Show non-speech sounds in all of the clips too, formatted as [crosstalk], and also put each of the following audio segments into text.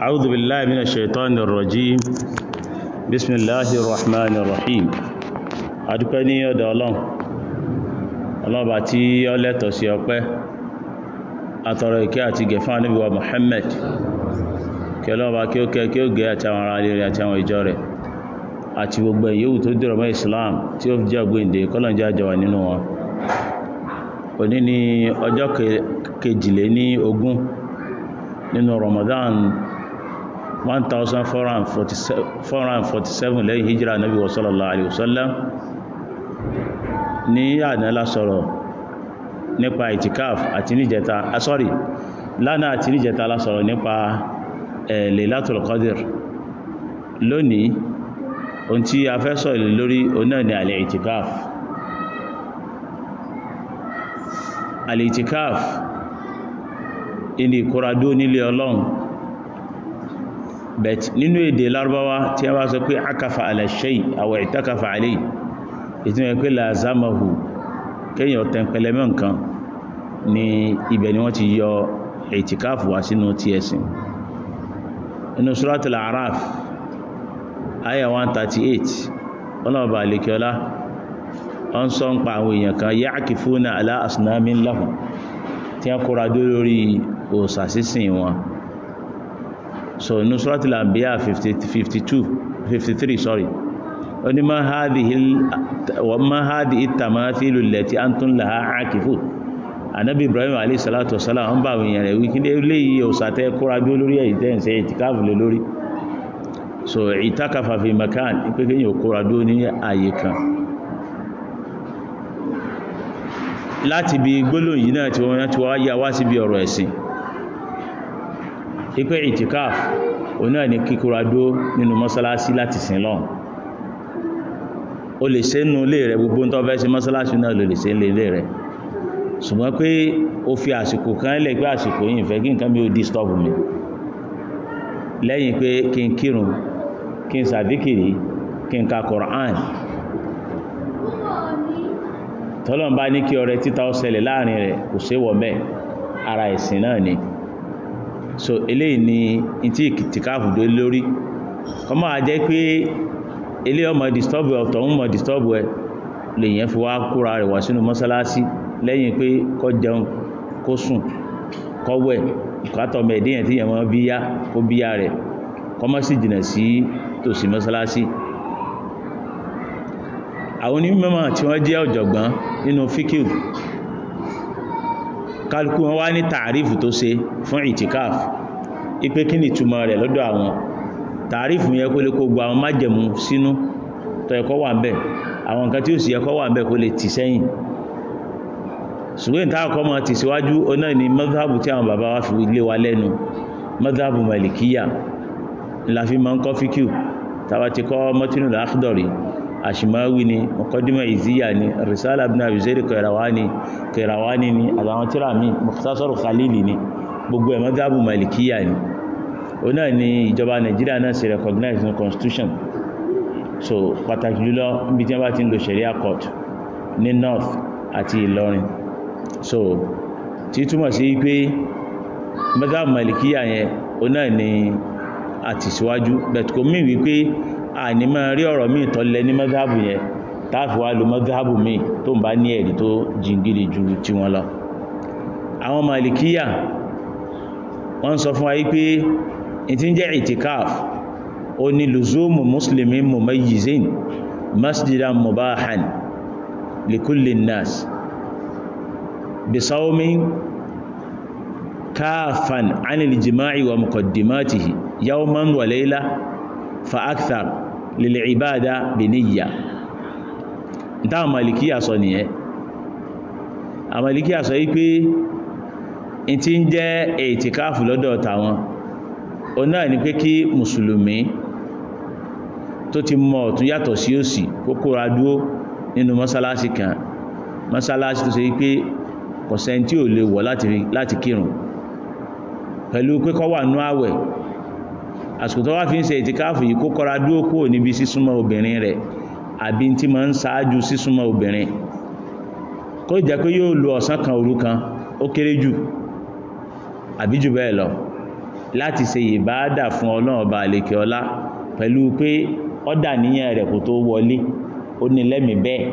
أعوذ بالله من الشيطان الرجيم بسم الله الرحمن الرحيم adúpẹ́ ní ọ̀dọ̀ ọlọ́run ọlọ́ba tí ó lẹ́tọ̀ sí ọpẹ́ àtọrọ ìkẹ́ àti gẹ̀ fún ànábì wa Muhammad kí ọlọ́ba kí ó kẹ́ kí ó gẹ́ àti àwọn ará ilé rẹ̀ àti àwọn ìjọ rẹ̀ àti gbogbo ìyẹ́wù tó dìrọ̀ Islam tí ó fi jẹ́ gbèǹde kọ́lọ̀njẹ́ àjọwà nínú wọn òní ni ọjọ́ kejìlé ní ogún nínú Ramadan 1447 lẹ́yìn hijira nabi sallallahu alaihi wasallam ní ànàlá sọ̀rọ̀ nípa itikaf àti níjẹta asọ́rì ah, lánà àti níjẹta lásọ̀rọ̀ nípa Laylatul Qadr lónìí ohun tí a fẹ́ sọ̀rọ̀ lórí oná ni alẹ́ itikaf alẹ́ itikaf ilé ìkóradó nílé ọlọ́run but ninu ede larbawa, tí a bá sọ pé akafa ala shay àwọ̀ ìtakafa alẹ́ ìtí wọ́n pé lazamahu kéèyàn tẹ́ǹpẹ̀lẹ̀ mọ́ nǹkan ni ibẹ̀ ni wọ́n ti yọ ìtìkáàfù wá sínú ti ẹ̀sìn inú suratul araf aya 138 ọlọ́ọ̀bà àlekíọlá wọ́n sọ ń pa àwọn èèyàn kan ya'kifuna ala asnamin lahum tí a kóra dó lórí òsà sísìn wọn so inú suratul anbiya 52 53 sorry oni ma hadhihi wa ma hadhihi tamathilu allati antum laha akifu anabi ibrahim alayhi salatu wassalam an ba wiyan re wiki le leyi o sate kura bi olórí e den se itikaf le lórí so itakafa fi makan pe ke yo kura do ni àyè kan láti bi gbólóhùn náà tí wọ́n wá yà wá ọ̀rọ̀ ẹ̀sìn ipé itikaf òun náà ni kíkóra dó nínú mọ́sálásí láti sin lọ́hùn o lè ṣe nínú ilé rẹ̀ gbogbo tó fẹ́ ṣe mọ́sálásí náà lè ṣe nínú ilé rẹ̀ ṣùgbọ́n pé o fi àsìkò kan lẹ̀ pé àsìkò yìí fẹ́ kí nǹkan mi ò disturb mi lẹ́yìn pé kí n kírun kí n sàdíkìrí kí n ka Qur'an tọ́lọ́n bá ní kí ọrẹ títà ó láàrin rẹ̀ kò ṣe wọ̀ bẹ́ẹ̀ ara ẹ̀sìn náà ni so eléyìí ni tí ìtìkáàfù dé lórí ọmọ àjẹ́ pé ilé ọmọ dìstọ́bù ọ̀tọ̀ ń mọ̀ dìstọ́bù ẹ lèyàn fi wá kóra rẹ̀ wá sínú mọ́sálásí lẹ́yìn pé kó jẹun kó sùn kó wẹ̀ ìkátọ̀mọ̀ ẹ̀dẹ́yàn tí yẹ̀mọ́ bíyá kó bíyá rẹ̀ kọmọ́ sí jìnà sí tòsí mọ́sálásí àwọn onímọ̀ tí wọ́n jẹ́ ọ̀jọ̀gbọ́n nínú fíkìl kálukú wọn wá ní tààrífù tó ṣe fún ìtìkáf ipé kí ni ìtumọ̀ rẹ̀ lọ́dọ̀ àwọn tààrífù yẹ kó lè kó gba àwọn májẹ̀mú sínú tó ẹ̀kọ́ wà bẹ̀ àwọn nǹkan tí ó sì ẹ̀kọ́ wà bẹ̀ kó lè tì sẹ́yìn ṣùgbọ́n táàkọ́ mọ̀ tì síwájú ọ̀nà ni madhabu tí àwọn bàbá wa fi lé wa lẹ́nu madhabu malikiya la fi máa ń kọ́ fíkìú tàbá àṣìmáwí ni mọ̀kọ́dímọ̀ ìzíyà ni risala ibn abi zayd kairawani kairawani ni àtàwọn tíra mi mukhtasar khalili ni gbogbo ẹ̀mọ́ gábù malikiya ni ó náà ni ìjọba nàìjíríà náà sì recognize ní constitution so pàtàkì jùlọ níbi tí wọ́n bá ti ń lo sharia court ní north àti ìlọrin so tí túmọ̀ sí pé mọ́gábù malikiya yẹn ó náà ni àtìsíwájú bẹ̀tùkọ́ mí wípé àní máa rí ọ̀rọ̀ míì tọ́lẹ̀ ní mọ́gáàbù yẹn táàfi wá lo mọ́gáàbù míì tó ń bá ní ẹ̀rí tó jìngìrì ju ti wọn lọ àwọn màlìkíyà wọ́n sọ fún wa wípé ìtí ń jẹ́ ìtìkáf ó ní lùzúmù mùsùlùmí mumayyizin masjidan mubahan likulli nas bisawmin kafan anil jima'i wa muqaddimatihi yawman wa layla fa akthar lílẹ̀ ìbáadá bèníyà táwọn malikiya sọ nìyẹn àwọn malikiya sọ wípé in ti ń jẹ́ ètìkáàfù lọ́dọ̀ tàwọn o náà ni pé kí mùsùlùmí tó ti mọ̀ ọ̀tún yàtọ̀ sí òsì kókóra dúó nínú mọ́sálásí kan mọ́sálásí tó ṣe wípé kọ̀sẹ̀ tí ò lè wọ̀ láti kírun pẹ̀lú pé wà nú àwẹ̀ àsìkò tó wá fi ń ṣe ìtìkáàfù yìí kó kọra dúó kúrò níbi sísúnmọ́ obìnrin rẹ̀ àbí tí ma ń sáájú sísúnmọ́ obìnrin kó jẹ́ pé yóò lo ọ̀sán kan òru kan ó kéré jù àbí jù bẹ́ẹ̀ lọ láti ṣe ìbáádà fún ọlọ́run ọba àlekè ọlá pẹ̀lú pé ọ́dà níyàn rẹ̀ kò tó wọlé ó ní lẹ́mìí bẹ́ẹ̀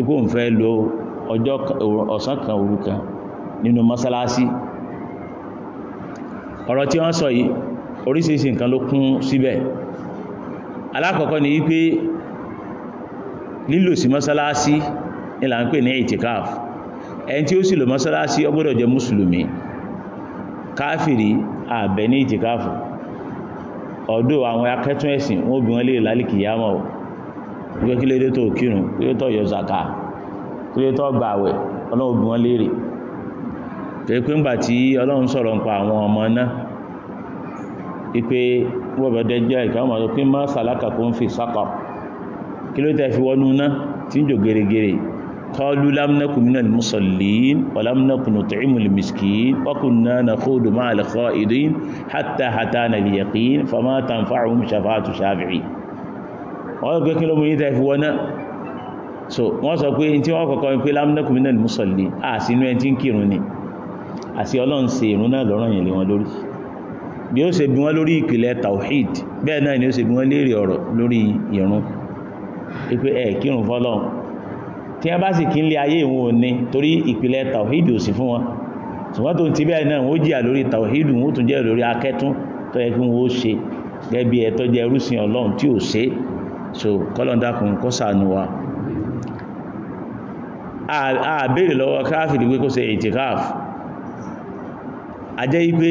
ipò ń fẹ́ lo ọjọ́ ọ̀sán kan òru nínú mọ́sálásí ọ̀rọ̀ tí wọ́n sọ yìí oríṣiríṣi nǹkan ló kún síbẹ̀ alákọ̀ọ́kọ́ ni wípé lílò sí mọ́sálásí ní là ń pè ní itikaf ẹni tí ó sì lò mọ́sálásí ó jẹ́ mùsùlùmí káfìrí àbẹ̀ ní itikaf ọ̀dọ̀ àwọn akẹ́tún ẹ̀sìn wọ́n bí lè wípé kí tó kírun kí tó kí tó wípé wọ́bẹ̀dẹ̀ jẹ́ ìkàwọn ọmọ pín má sàlákà kó ń fi sápa kí ló tẹ́ fi wọnú náà tí ń jò gèrègèrè kọlu lámnàkù mínà musallin wàlámnàkù nùtùímù lèmìskín wákùnná na kóòdù máa lẹ́kọ́ ìdí so wọ́n sọ pé tí wọ́n kọ̀kọ́ pé lámnàkù mínà musallin àsínú ẹ̀ tí ń kírun ni àti ọlọ́run ṣe náà lọ́rọ̀ yẹn wọn lórí bí ó ṣe bí wọ́n lórí ìpìlẹ̀ tawhid bẹ́ẹ̀ náà ni ó ṣe bí wọ́n léèrè ọ̀rọ̀ lórí ìrun ipé ẹ̀ kírun fọ́lọ́n tí wọ́n bá sì kí ń lé ayé ìwọ̀n òní torí ìpìlẹ̀ tawhid ò sí fún wọn ṣùgbọ́n tó ti bẹ́ẹ̀ náà wọ́n jìyà lórí tawhid wọ́n tún jẹ́ lórí akẹ́tún tó yẹ kí wọ́n ṣe gẹ́bí ẹ̀tọ́ jẹ́ rúsìn ọlọ́run tí ò ṣe so kọ́lọ̀ndà kùn kó sànù wa a béèrè lọ́wọ́ káàfì wí kó ṣe ìtìkáàf a jẹ́ wípé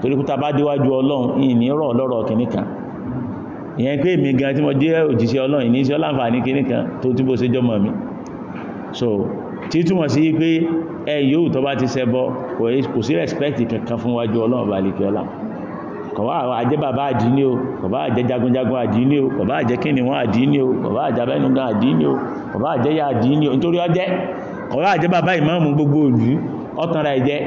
torí kúta bá déwájú ọlọ́run ìní rọ̀ lọ́rọ̀ kìíní kan ìyẹn pé èmi gan tí mo jẹ́ òjíṣẹ́ ọlọ́run ìní sí ọláǹfààní kìíní tó túbọ̀ sí jọmọ̀ mi so tí túmọ̀ sí pé ẹ yóò tó bá ti ṣẹbọ kò sí respect kankan fún wájú ọlọ́run balẹ̀kẹ́ ọlá kọ̀bá àjẹ́ bàbá àdínní o kọ̀bá àjẹ́ jagunjagun àdínní o kọ̀bá àjẹ́ kìnìún àdínní o kọ̀bá àjẹ́ abẹ́nugan àdínní o kọ̀bá àjẹ́ yà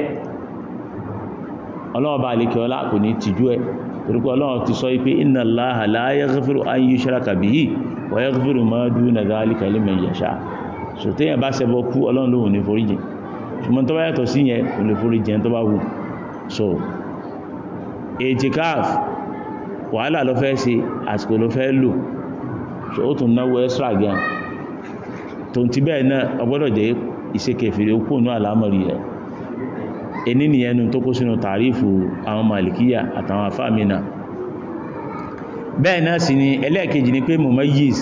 ọlọ́ọ̀bá alékiọlá kò ní tìjú ẹ̀ torípé ọlọ́run ti sọ wípé inna Allaha la yaghfiru an yushraka bihi wa yaghfiru ma duna dhalika liman yasha so téèyàn bá ṣẹbọ kú ọlọ́run lòun ní foríjìn ṣùgbọ́n tó bá yàtọ̀ sí yẹn kò lè foríjìn tó bá wù so etikaf wàhálà ló fẹ́ ṣe àsìkò ló fẹ́ lò so ẹni ni ẹnu tó kó sínú tàrífù àwọn malikiya àtàwọn afámìnà bẹ́ẹ̀ náà sì ni ẹlẹ́ẹ̀kejì ni pé mumayyiz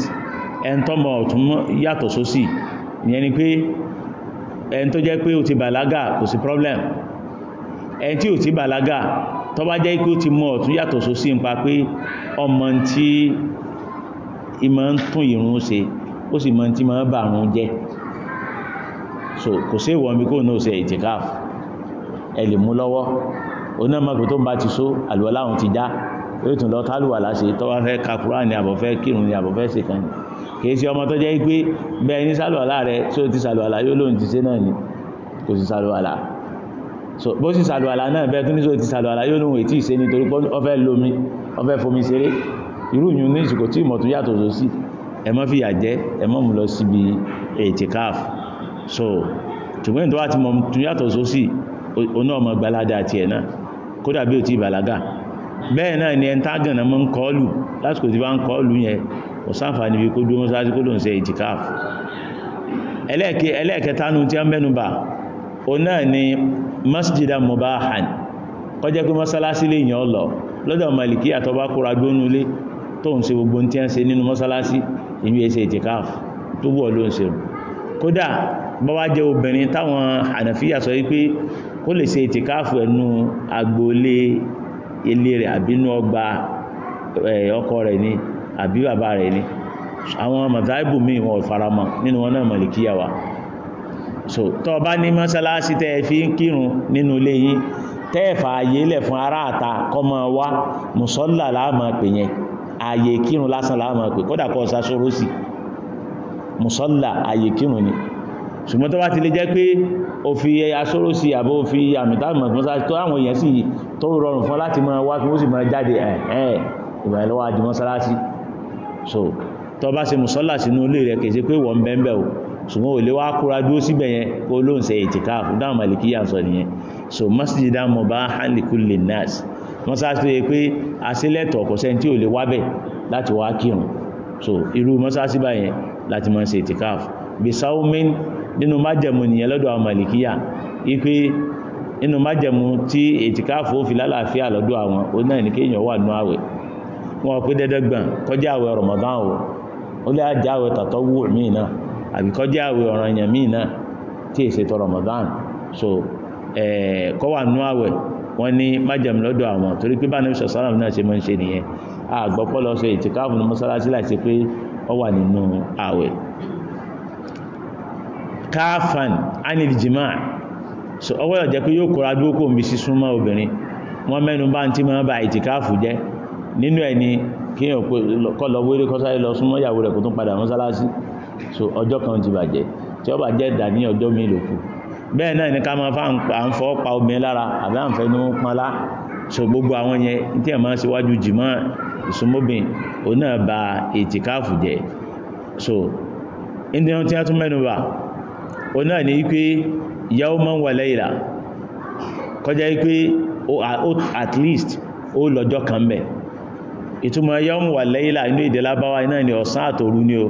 ẹn tó mọ̀ ọ̀tún yàtọ̀ sósì ìyẹn ni pé ẹn tó jẹ́ pé ó ti bàlágà kò sí problem ẹn tí ó ti bàlágà tó bá jẹ́ pé ó ti mọ̀ ọ̀tún yàtọ̀ sósì ń pa pé ọmọ tí ìmọ̀ ń tún ìrun ṣe ó sì mọ̀ tí mọ̀ bà rún jẹ́ so kò sí ìwọ̀n bí kò náà ṣe ìtìkáfù ẹ lè mú lọ́wọ́ oní ọmọkùn tó ń bá ti só àlùwà láwọn ti já yóò tún lọ tálùwà láṣe tó bá fẹ́ ka kúrán ni àbọ̀ fẹ́ kírun ni àbọ̀ fẹ́ ṣe kan kìí ṣe ọmọ tó jẹ́ pé bẹ́ẹ̀ ní sálùwà láàrẹ tó ti sálùwà lá yóò lóun ti ṣe náà ni kò sì sálùwà so ṣùgbọ́n ìtọ́wà tí mọ̀ oná ọmọ gbalada àti ẹ̀ náà kódà bí ò ti bàlágà bẹ́ẹ̀ náà ni ẹn tágànà mọ́ ń kọlù lásìkò tí bá ń kọlù yẹn ọ̀sáfà níbi kó dúró mọ́sáájú kó ló ń ṣe ìtìkáàfù ẹlẹ́ẹ̀kẹtanu tí a mẹ́nubà o náà ni masjida mubahan maliki àtọba kóra gbónúlé tó ń ṣe gbogbo tí a ń ṣe nínú mọ́sálásí ìlú ẹsẹ̀ ìtìkáàfù tó kódà bọ́wá jẹ́ obìnrin táwọn Hanafiya sọ wípé ó lè ṣe ìtìkáàfù ẹnu agboolé ilé rẹ̀ àbí ọgbà ọkọ rẹ̀ ni àbí bàbá rẹ̀ ni àwọn mọ̀táìbù míì wọn faramọ́ nínú wọn náà mọ̀lìkíyà wa so tọ́ bá ní mọ́sálásí tẹ́ fi ń kírun nínú ilé yín tẹ́ẹ̀fà ààyè ilẹ̀ fún aráàta kọmọ wá mùsọ́lá láàmà pè yẹn ààyè kírun lásán láàmà pè kódà kọ́ ọ̀sá sí mùsọ́lá ààyè kírun ni ṣùgbọ́n tó bá ti lè jẹ́ pé o fi asóró sí àbó fi àmìtàmọ̀tàmọ́sá tó àwọn èèyàn sì tó rọrùn fún láti máa wá kí wọ́n sì máa jáde ẹ̀ẹ́ so tó bá ṣe mùsọ́là sínú ilé rẹ̀ kèsí pé wọ́n bẹ́ẹ̀ o ṣùgbọ́n ò lè wá kúra dúró síbẹ̀ yẹn kó ló ń ṣe ìtìkáf dáhùn màlìkíyà sọ nìyẹn so masjidan mubahan li kulli nas mọ́sálásí tó yẹ pé asílẹ̀tọ̀ kò sẹ́ni tí ò lè wábẹ̀ láti wá kírun so irú mọ́sálásí báyẹn láti máa nínú májẹ̀mú nìyẹn lọ́dọ̀ àwọn màlìkíyà ipé nínú májẹ̀mú tí ètìkáàfù ó fi lálàáfíà lọ́dọ̀ àwọn ó náà ní kéèyàn wà nú àwẹ̀ wọn pé dẹ́dẹ́gbọ̀n kọjá àwẹ̀ Ramadan o ó lé àjá àwẹ̀ tàtọ́ wù mí náà àbí kọjá àwẹ̀ ọ̀ràn èèyàn mí náà tí èsè tọ Ramadan so kọ́ wà nú àwẹ̀ wọ́n ní májẹ̀mú lọ́dọ̀ àwọn torí pé báyìí sọ sálàm náà ṣe máa ń ṣe nìyẹn àgbọ́pọ̀ lọ sọ ètìkáàfù ní mọ́sálásí láti pé ó wà nínú àwẹ̀ káfàn anil jimá so ọwọ́ ìjẹ́ pé yóò kọ́ra dúró kò ń bí sísúnmọ́ obìnrin wọ́n mẹ́nu bá ń tí máa bá ìtìkáàfù jẹ́ nínú ẹni kí èèyàn kọ́ lọ wéré kọ́ sáré lọ súnmọ́ ìyàwó rẹ̀ kó tún padà mọ́sálásí so ọjọ́ kan ti bàjẹ́ tí ó bà jẹ́ ìdà ní ọjọ́ mi lòkù bẹ́ẹ̀ náà ní ká máa fà ń fọ́ pa obìnrin lára àbí à ní wọ́n pọn lá so gbogbo àwọn yẹn tí ẹ̀ máa ń ṣíwájú jìmọ́ ìsúnmọ́bìn òun náà ba ìtìkáàfù jẹ́ so indian tí a tún mẹ́nu bà o náà ni wípé yawman ịla, layla kọjá wípé at least ó lọ́jọ́ kan bẹ̀ ìtumọ̀ yawman wa layla inú èdè lábáwá náà ni ọ̀sán àtòru ni o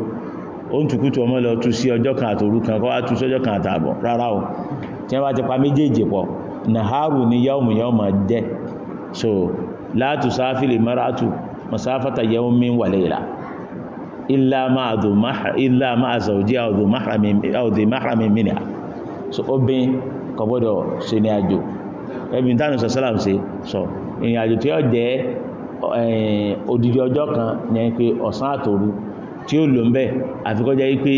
ó ń tukútù ọmọ lọ tú sí ọjọ́ kan àtòru kan kọ́ wá tú sọ́jọ́ kan àtààbọ̀ rárá o tí wọ́n bá ti pa méjèèjì pọ̀ nàhárù ni jẹ́ so la tusafil ilá máa zọ̀jí àwòdì máhrami mìnà so obin kò gbọ́dọ̀ ṣe ní àjò ẹbí tánù sọ̀sọ́làm sí sọ ìrìn àjò tí ó jẹ́ odidi ọjọ́ kan ní ẹni pé ọ̀sán àtòru tí ó lò ń bẹ̀ àfikọ́jẹ́ wípé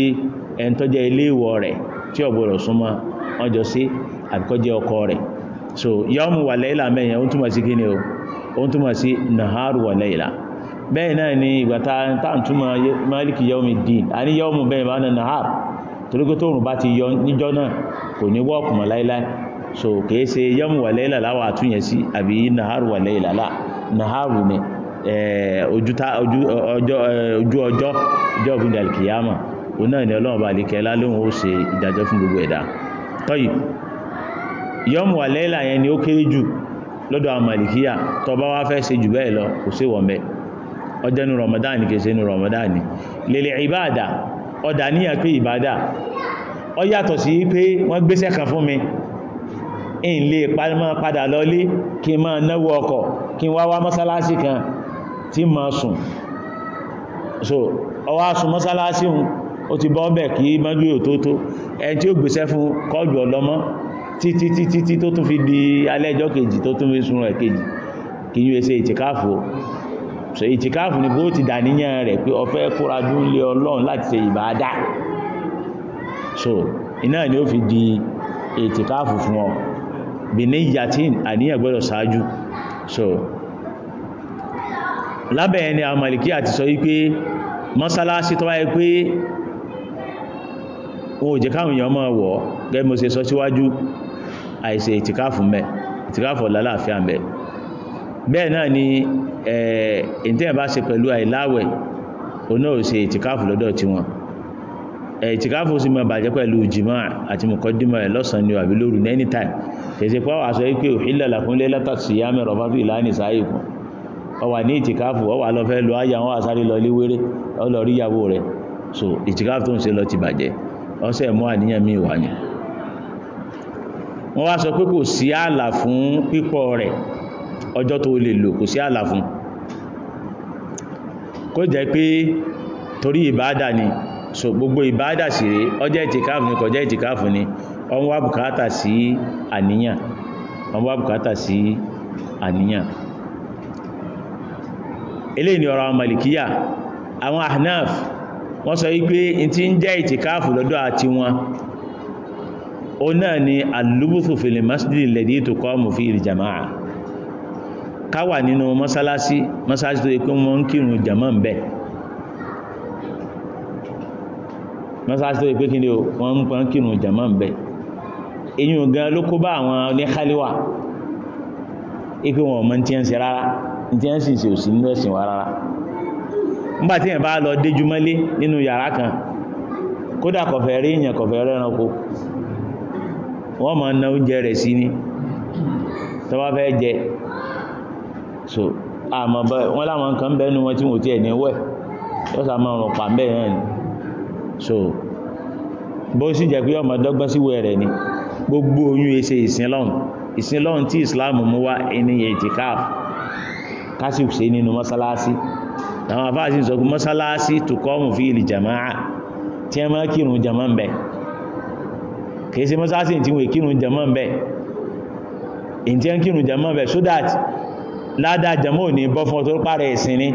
ẹni tọ́jẹ́ ilé ìwọ̀ rẹ̀ tí ó gbọ́dọ̀ súnmọ́ ọjọ́ sí àfikọ́jẹ́ ọkọ rẹ̀ so yọ́mù wà lẹ́yìnlá mẹ́yìn ó túnmọ̀ sí kí ni ó túnmọ̀ sí naharu wà lẹ́yìnlá bẹ́ẹ̀ náà ni ìgbàta táàntúmọ̀ máàlìkì yawmi din a ní yawmu bẹ́ẹ̀ bá náà náà torípé tóòrùn bá ti yọ níjọ́ náà kò ní wọ́ọ̀kù mọ̀ láíláí so kìí ṣe yawmu wà lẹ́yìnlá láwà àtúnyẹ̀ sí àbí naharu wà lẹ́yìnlá lá naharu ni ojú ọjọ́ ọjọ́ ògùn alkiyama òun náà ni ọlọ́run bá lè kẹ́ lálóhun ó ṣe ìdájọ́ fún gbogbo ẹ̀dá tọ́yì yawmu wà lẹ́yìnlá yẹn ni ó kéré jù lọ́dọ̀ àwọn màlìkíyà wá fẹ́ ṣe jù bẹ́ẹ̀ lọ kò sí wọ̀mẹ́ ọjọ́ inú Ramadan kìí ṣe inú Ramadan lèlè ìbáàdà ọdà níyàn pé ìbáàdà ọ yàtọ̀ sí pé wọ́n gbéṣẹ́ kan fún mi in lè padà lọlé kí ma náwó ọkọ̀ kí wá wá mọ́sálásí kan tí ma sùn so ọwá sùn mọ́sálásí hun ó ti bọ́ọ̀bẹ̀ kí mọ́jú òtótó ẹni tí ó gbéṣẹ́ fún kọjù ọlọ́mọ́ títí títí tó tún fi di alẹ́jọ́ kejì tó tún fi sùn rẹ̀ kejì kí yíò ẹsẹ ìtìkáàfò so ìtìkáàfù ni bó ti dàníyàn rẹ̀ pé ó fẹ́ kóra dúnlé ọlọ́run láti ṣe ìbádà so iná ni ó fi di ìtìkáàfù fún ọ bìní yatin àníyàn gbọ́dọ̀ ṣáájú so lábẹ̀ ẹni àwọn màlìkí àti sọ wípé mọ́sálásí tó wáyé pé o jẹ́ káwọn èèyàn máa wọ̀ gẹ́gẹ́ mo ṣe sọ síwájú àìṣe ìtìkáàfù mẹ́ ìtìkáàfù ọ̀lá mẹ́ bẹ́ẹ̀ náà ni ẹ̀ẹ́ntẹ́ bá ṣe pẹ̀lú àìláwẹ̀ oná ò ṣe ìtìkáàfù lọ́dọ̀ tí wọn ìtìkáàfù sí máa bàjẹ́ pẹ̀lú jìmọ́ àti mọ̀kọ́dímọ̀ ẹ̀ lọ́sàn ni àbí lóru ní anytime kèsè pọ́ àṣọ ikú ìlàlà fún lẹ́lá tàṣì yá mẹ́rọ fábí ìlànì sáyé kù ọ wà ní ìtìkáàfù ọ wà so ìtìkáàfù tó ń ṣe lọ ti bàjẹ́ ọsẹ mú àníyàn mi wà ní wọ́n wá sọ pé kò sí ààlà fún pípọ̀ rẹ̀ ọjọ́ tó lè lò kò sí àlà fún kó jẹ́ pé torí ìbáadà ni so gbogbo ìbáadà sí rẹ̀ ọjọ́ ìtìkáàfù ni kọjọ́ ìtìkáàfù ni ọmọ wá bùkátà sí àníyàn ọmọ wá bùkátà sí àníyàn eléyìí ni ọ̀rọ̀ àwọn malikiya àwọn ahnaf wọ́n sọ wípé in ti ń jẹ́ ìtìkáàfù lọ́dọ̀ àti wọn ó náà ni masjid fi ká wà nínú mọ́sálásí mọ́sálásí tó yẹ pé wọ́n ń kírun jàmọ́ ń bẹ̀ mọ́sálásí tó yẹ pé wọ́n ń kírun jàmọ́ ń bẹ̀ èyí ò gan ló kó bá àwọn oníkálíwà ipe wọn ọmọ tí ń ṣe rárá tí ń sì ṣe òsì nínú ẹ̀sìn wa rárá nígbà tí bá lọ déjú nínú yàrá kan kódà kọ̀fẹ́ rí èèyàn kọ̀fẹ́ rẹ́ranko wọ́n máa ń na oúnjẹ rẹ̀ sí ni fẹ́ so àmọ́ wọ́n láwọn nǹkan bẹ́nu wọn tí wọ́n ti ẹ̀ ní wẹ̀ lọ́sà máa rùn pa mẹ́rin náà ni so bó sì jẹ́ pé ọmọ dọ́gbọ́n sí wẹ̀ rẹ̀ ni gbogbo oyún ẹsẹ̀ ìsinlọ́run ìsinlọ́run tí Islam mú wá ẹni etikaf kásì ṣe nínú mọ́sálásí àwọn afáàsì sọ pé mọ́sálásí tó kọ́mù fi ìlì jàmáà tí ẹ máa kírun jàmáà ń bẹ kìí ṣe mọ́sálásí tí wọ́n kírun jàmáà ń bẹ èyí tí ẹ ń kírun jàmáà bẹ so that ládá jẹmọ́ ní bọ́ fún ọ̀tọ́ pàrẹ ìsin ní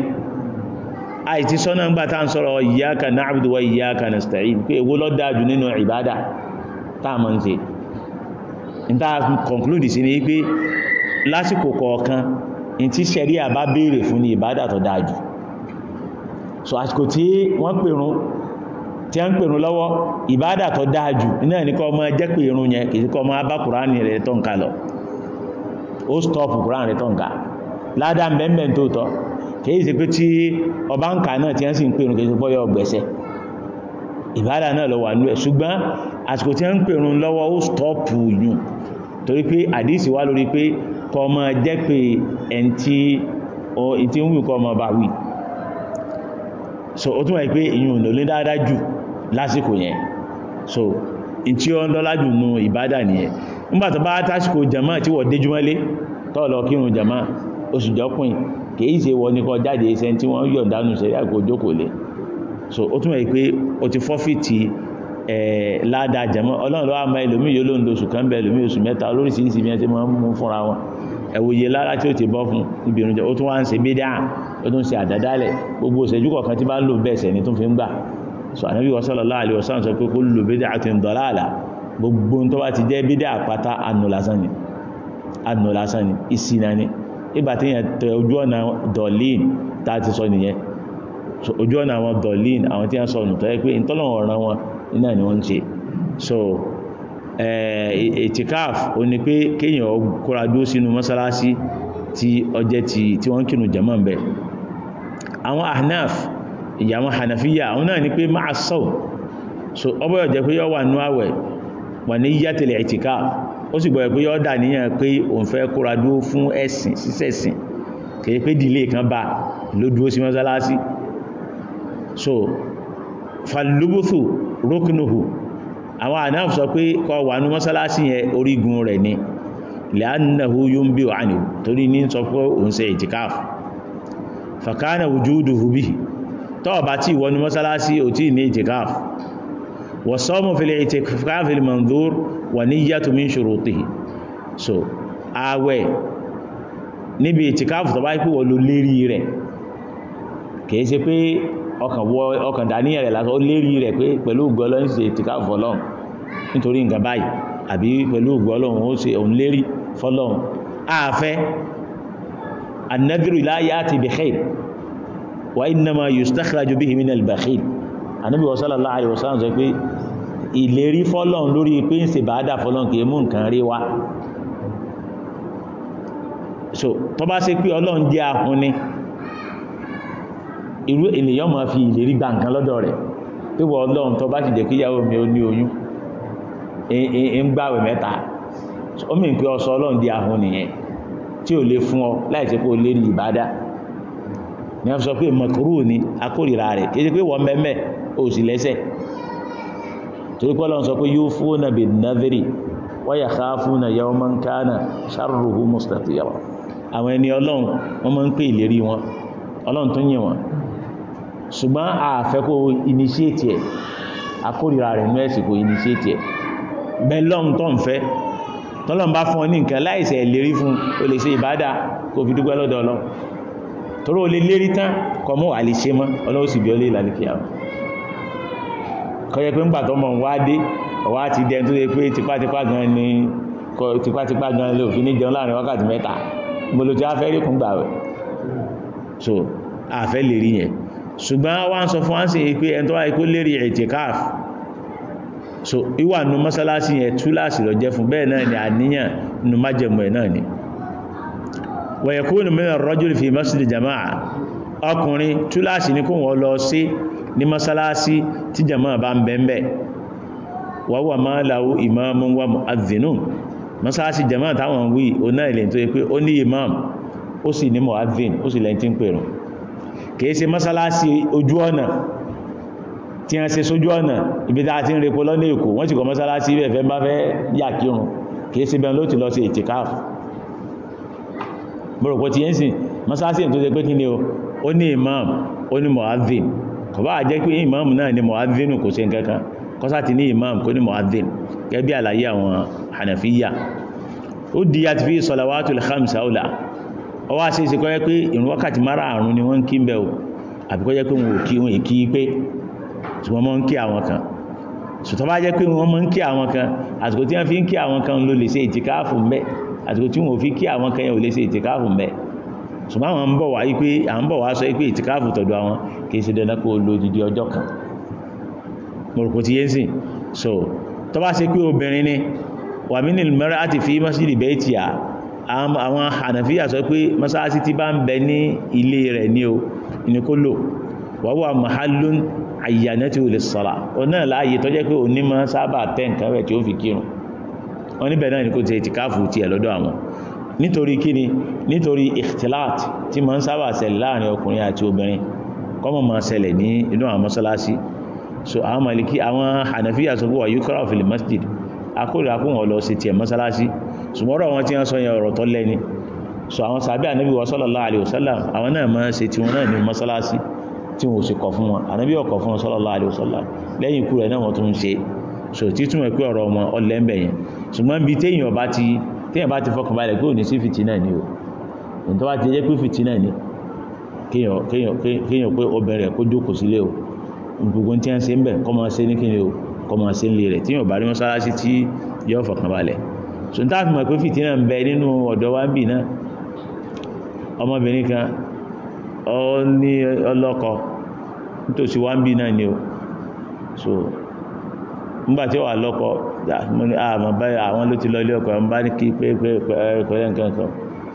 àìtí sọ́nà ń gbà ń sọ́rọ̀ iyyaka na'budu wa iyyaka nasta'in pé nínú ìbádà táàmọ́ ń ṣe ìta sí pé lásìkò kọ̀ọ̀kan in ti àbá fún ní ìbádà tó dájú so tí a ń lọ́wọ́ ìbádà tó ní kọ́ ọmọ yẹn kìí kọ́ ọmọ abá kùránì rẹ̀ ka lọ ó kùránì rẹ̀ ládá mẹ́mẹ́ tó tọ́ kìí ṣe pé tí ọba ń kà náà tí a sì ń pèrún kìí ṣe bọ́yọ̀ ọgbẹ̀ṣẹ́ ìbádà náà lọ wà ní ẹ̀ ṣùgbọ́n àsìkò tí a ń pèrún lọ́wọ́ ó stọ́pù yùn torí pé àdísì wá lórí pé kọ ọmọ jẹ́ pé o tí ń wù kọ ọmọ bá wì so ó túnmọ̀ pé ìyún ò lè dáadáa jù lásìkò yẹn so in tí ó ń lọ́lá jù nù ìbádà nìyẹn nígbà tó bá tásìkò jàmáà tí wọ́n déjúmọ́lé tọ́ọ̀lọ́ kírun jàmáà oṣù jọ́pìn kìí ṣe wọ ní kọ jáde iṣẹ́ tí wọ́n yọ̀ dánú ṣe àgbò jókòó so ó túnmọ̀ pé o ti fọ́fìtì ládàá jẹmọ́ ọlọ́run ló wà máa ẹlòmí yóò lóun lóṣù kan bẹ́ẹ̀ lómi oṣù mẹ́ta olóríṣiríṣi bí wọ́n ti máa ń mú fúnra wọn ẹ̀wòye lára tí ó ti bọ́ fún ibi ìrìnjẹ ó tún wá ń ṣe bídà ó tún ṣe àdádálẹ̀ gbogbo ìṣẹ́jú kọ̀ọ̀kan tí bá ń lò bẹ́ẹ̀ sẹ̀ ni tó fi ń gbà so ànábì sallallahu alaihi wasallam sọ pé kó lò bid'atin dalala gbogbo tó bá ti jẹ́ bídà pátá ànù ni ànù ni ìgbà tí yẹn tẹ ojú ọ̀nà dọ̀lín tá ti sọ nìyẹn ojú ọ̀nà àwọn dọ̀lín àwọn tí wọ́n sọnù tó yẹ pé ìtọ́lọ̀wọ̀n ọ̀ràn wọn iná ni wọ́n ń ṣe so etikaf eh, o ni pé kéèyàn kóra dúró sínú mọ́sálásí tí ọjẹ́ ti tí wọ́n kírun jẹ́mọ́ bẹ̀ àwọn ahnaf hanafiya àwọn náà ni pé máa so ọbọ̀ yọ̀ jẹ́ pé wà nú àwẹ̀ wà ní ó sì gbọ́dọ̀ pé yọ́dà níyàn pé òun fẹ́ kóra dúró fún ẹ̀sìn sísẹ̀sìn kìí pé dìlé kan bá ló dúró sí mọ́sálásí so falubuthu ruknuhu àwọn àdáhùn sọ pé kọ wà ní mọ́sálásí yẹn orígun rẹ̀ ni li'annahu yunbi anhu torí ní sọ pé òun ṣe ìtìkáf fakana wujuduhu bihi tọ́ọ̀bá tí ìwọ ní mọ́sálásí ò tí ní ìtìkáf wọ̀sọ́mù fi lè ti káfíl manzúr wà ní yàtò min shurutihi so àwẹ̀ níbi ìtìkáfù tó bá pí wọ́n ló lérí rẹ̀ kìí ṣe pé ọkàn dàníyàn rẹ̀ lásán ó lérí rẹ̀ pé pẹ̀lú ògbọ́lọ́ ń ṣe ìtìkáfù ọlọ́run nítorí nǹkan báyìí àbí pẹ̀lú ògbọ́lọ́ ó ṣe òun lérí fọlọ́run àfẹ́ annadiru la ya'ti bi khair wa innama yustakhraju bihi min al ànábì sallallahu alaihi wasallam sọ pé ìlérí fọ́lọ́n lórí pé ń ṣe bàádà fọ́lọ́n kìí mú nǹkan rí wá so tó bá ṣe pé ọlọ́run jẹ́ ahun ni irú ènìyàn fi ìlérí gba nǹkan lọ́dọ̀ rẹ̀ pé wọ́n ọlọ́run bá sì ya kíyàwó mi ó ní oyún ń gbàwẹ̀ mẹ́ta ó mìí pé ọsọ ọlọ́run jẹ́ ahun nìyẹn tí ò ọ láìsí pé ó lérí ni wọ́n sọ pé mọ̀kúrú ni akórìíra rẹ̀ kéde pé wọ́n mẹ́mẹ́ ò sì lẹ́sẹ̀ torí pé ọlọ́run sọ pé yóò fún ọ̀nà bè nàvírì wáyà ká fún ọ̀nà yà ọmọ nǹkan náà ṣàrùrùhù mùsùlùmí yàwó àwọn ẹni ọlọ́run wọ́n máa ń pè ìlérí wọn ọlọ́run tó yìn wọn ṣùgbọ́n àfẹ́kọ́ initiate ẹ̀ akórìíra rẹ̀ nú ẹ̀sìn kò initiate ẹ̀ bẹ́ẹ̀ tó ń fẹ́ tọ́lọ́run bá fún ọ ní nǹkan láìsẹ̀ ìlérí fún o tọ́rọ olè lérí tán kọ mọ́ wà lè ṣe mọ́ ọlọ́wọ́ sì bí ọlé ìlànà fi àwọn kọjẹ́ pé ń gbà tọ́mọ̀ wá dé ọwá ti dẹn tó lè pé tipátipá gan ni tipátipá gan lè òfin ní jẹun láàrin wákàtí mẹ́ta mo lo ti afẹ́ rí kún gbà rẹ̀ so àfẹ́ lè rí yẹn ṣùgbọ́n wá ń sọ fún wa ń sì pé ẹni tó wáyé kó lérí ìtìkáf so ìwà nu mọ́sálásí yẹn túláàsì lọ jẹ́ fún bẹ́ẹ̀ náà ni àníyàn nu májẹ̀mú ẹ̀ náà ni wẹ̀yẹ̀kúnù mẹ́rin rọ́júlù fi masjid jama'a ọkùnrin túláàsì ní kún wọ́n lọ sí ní masalasi tí jama'a bá ń bẹ̀m̀bẹ̀ wàwà máa láwú imamu wa mu'adhdhinun masalasi jama'a táwọn wí oná ilẹ̀ tó pé ó ní imam ó sì ní mu'adhdhin ó sì lẹ́ntí masalasi ojú ọ̀nà tí a ṣe sójú ọ̀nà ibi tá a ti masalasi ibẹ̀ fẹ́ bá fẹ́ yà kírun kìí ṣe bẹ́ẹ̀ mọ̀rọ̀pọ̀ ti yẹn sìn mọ́sáàsì tó ṣe pé kí ni o ó ní imam ó ní mu'adhin kò bá jẹ́ pé imam náà ni mu'adhin kò ṣe nǹkan kan kọ́sá ti ní imam kò ní mu'adhin gẹ́gẹ́ bí àlàyé àwọn hànàfíyà ó di àti fi khamsa ọ̀la ó wá ṣe é ṣe kọ́ jẹ́ o àbí kọ́ jẹ́ pé wọn ò kí wọn èkí pé ṣùgbọ́n mọ́ ń kí àwọn kan ṣùtọ́ bá jẹ́ fi ń lè àsìkò tí wọ́n fi kí àwọn kẹyàn ò lè ṣe ìtìkáàfù mẹ́ ṣùgbọ́n àwọn ń bọ̀ wá wípé à ń bọ̀ wá sọ wípé ìtìkáàfù tọ̀dọ̀ àwọn kìí ṣe dandan kó lo odidi ọjọ́ kan mọ̀rùkù ti yé sìn so tó bá ṣe pé obìnrin ni wà mí nìlú mẹ́rẹ́ àti fi mọ́sílì bẹ́ẹ̀ tì á àwọn Hànàfíyà sọ pé mọ́sáàsì ti bá ń bẹ ní ilé rẹ̀ ní o ní kó lò wàwà mahallun àyànẹ́tì ò lè sọ̀rà ọ náà láàyè tó jẹ́ pé onímọ̀ sábà tẹ́ nǹkan rẹ̀ tí ó fi kírun wọ́n níbẹ̀ náà ni kò ti ètìkáàfù ti ẹ̀ lọ́dọ̀ àwọn nítorí kíni nítorí ikhtilat tí ma ń sábà ṣẹlẹ̀ láàrin ọkùnrin àti obìnrin kọ́mọ̀ ma ṣẹlẹ̀ ní inú àwọn mọ́sálásí so àwọn maliki àwọn hanafiya sọ fún wàyúkọ́rọ̀ fìlì masjid akóòrò akóhùn ọlọ sí tiẹ̀ mọ́sálásí ṣùgbọ́n wọn tí wọ́n sọ yẹn ọ̀rọ̀ tó lẹ́ni so àwọn sàbẹ́ ànábì wa sallallahu alaihi wasallam àwọn náà máa ṣe tiwọn náà ní mọ́sálásí tí wọ́n sì kọ̀ fún wọn ànábì ọkọ̀ fún wọn sallallahu alaihi wasallam lẹ́yìn ikú rẹ̀ náà wọ́n tún ṣe so títún ẹ̀kú ọ̀rọ̀ wọn ọlẹ́m̀bẹ̀yẹn ṣùgbọ́n bí téèyàn bá ti bá ti fọkàn balẹ̀ pé ní sí fìtínà ni o ti jẹ́ pé 59 ni pé obìnrin rẹ̀ kó jókòó sílé o gbogbo tí ṣe ń bẹ̀ ní o kọmọ sí ṣe lè rẹ̀ téèyàn bá rí mọ́sálásí tí yóò fọkàn balẹ̀ mọ̀ pé ń bẹ nínú wa ń bì náà ọmọbìnrin kan ní ọlọ́kọ nítòsí wa ń bì náà ni o so nígbà tí wà lọ́kọ mo ní àmọ́ ah, báyìí àwọn ló ti lọ ilé ọkọ̀ bá ní kí pé pé pẹ̀lẹ́ nǹkan kan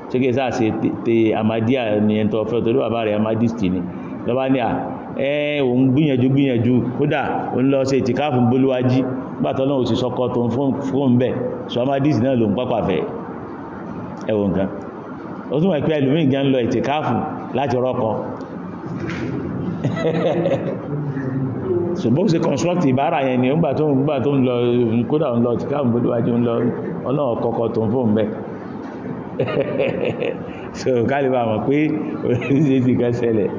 ṣé kí sáà ṣe te amadi ni ẹni tó fẹ́ torí bàbá rẹ̀ amadist ni lọ́ba ní à ẹ òun gbìyànjú gbìyànjú kódà òun lọ ṣe ìtìkáàfù bolúwájí gbàtọ́ náà òsì sọkọ tó ń fóun bẹ́ẹ̀ sọ amadist náà lòun pápá fẹ́ ẹ̀wọ̀n nǹkan ó túnmọ̀ pé ẹlòmíì gan lọ ìtìkáàfù láti rọ́kọ [laughs] so bó ṣe construct ìbára yẹn ni nígbà tó ń gbà tó ń lọ kódà ń lọ tìká ń gbódúwájú ń lọ ọ̀nà ọ̀kọ̀ọ̀kọ̀ tó ń fò ń bẹ̀ so kálíbà mọ̀ pé oríṣiríṣi ti kan ṣẹlẹ̀